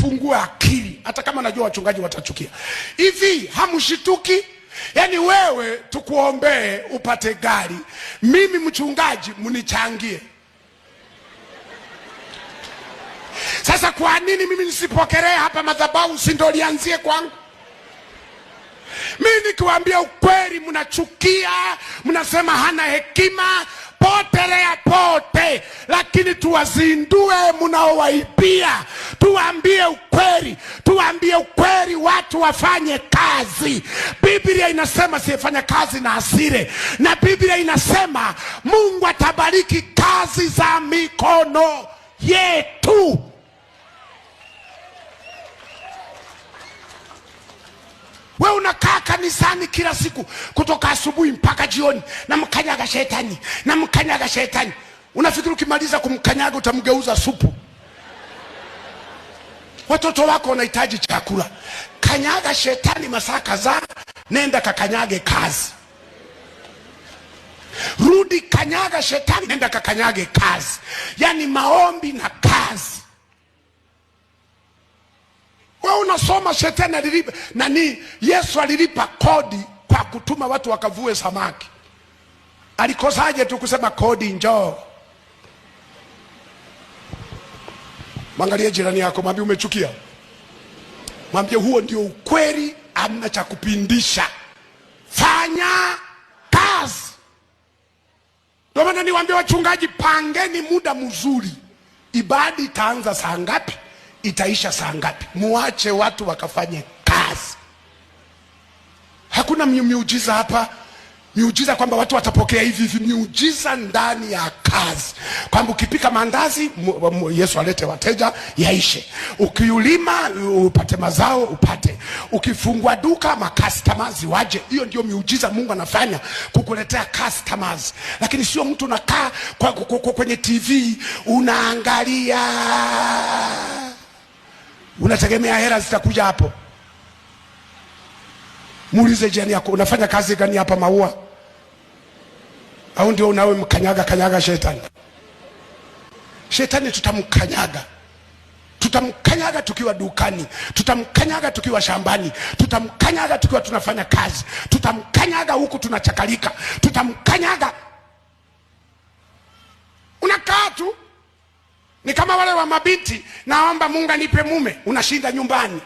tufungue akili, hata kama najua wachungaji watachukia. Hivi hamshituki? Yaani wewe tukuombee upate gari, mimi mchungaji mnichangie. Sasa kwa nini mimi nisipokelee hapa madhabahu, si ndio lianzie kwangu? Mimi nikiwaambia ukweli mnachukia, mnasema hana hekima. Potelea pote la lakini tuwazindue mnaowaibia, tuwaambie ukweli, tuwaambie ukweli, watu wafanye kazi. Biblia inasema siyefanya kazi na asire na Biblia inasema Mungu atabariki kazi za mikono yetu. We unakaa kanisani kila siku kutoka asubuhi mpaka jioni, na mkanyaga shetani, na mkanyaga shetani. Unafikiri ukimaliza kumkanyaga utamgeuza supu? Watoto wako wanahitaji chakula. Kanyaga shetani masaa kadhaa, nenda kakanyage kazi, rudi, kanyaga shetani, nenda kakanyage kazi. Yaani maombi na kazi. Wewe unasoma shetani alilipa nani? Yesu alilipa kodi kwa kutuma watu wakavue samaki. Alikosaje tu kusema kodi njoo Mwangalie jirani yako, mwambie umechukia, mwambie huo ndio ukweli, amna cha kupindisha. Fanya kazi. Ndio maana niwaambie wachungaji, pangeni muda mzuri. Ibada itaanza saa ngapi? Itaisha saa ngapi? Muache watu wakafanye kazi. Hakuna miujiza hapa miujiza kwamba watu watapokea hivi hivi, miujiza ndani ya kazi, kwamba ukipika mandazi Yesu alete wateja yaishe, ukiulima upate mazao upate, ukifungua duka makastomers waje. Hiyo ndio miujiza Mungu anafanya kukuletea customers, lakini sio mtu unakaa kwa, kwa, kwa, kwa kwenye TV unaangalia unategemea hela zitakuja hapo. Muulize jirani yako, unafanya kazi gani hapa Maua? au ndio unawe mkanyaga kanyaga shetani? Shetani tutamkanyaga tutamkanyaga tukiwa dukani, tutamkanyaga tukiwa shambani, tutamkanyaga tukiwa tunafanya kazi, tutamkanyaga huku tunachakalika, tutamkanyaga. Unakaa tu ni kama wale wa mabinti, naomba Mungu anipe mume, unashinda nyumbani.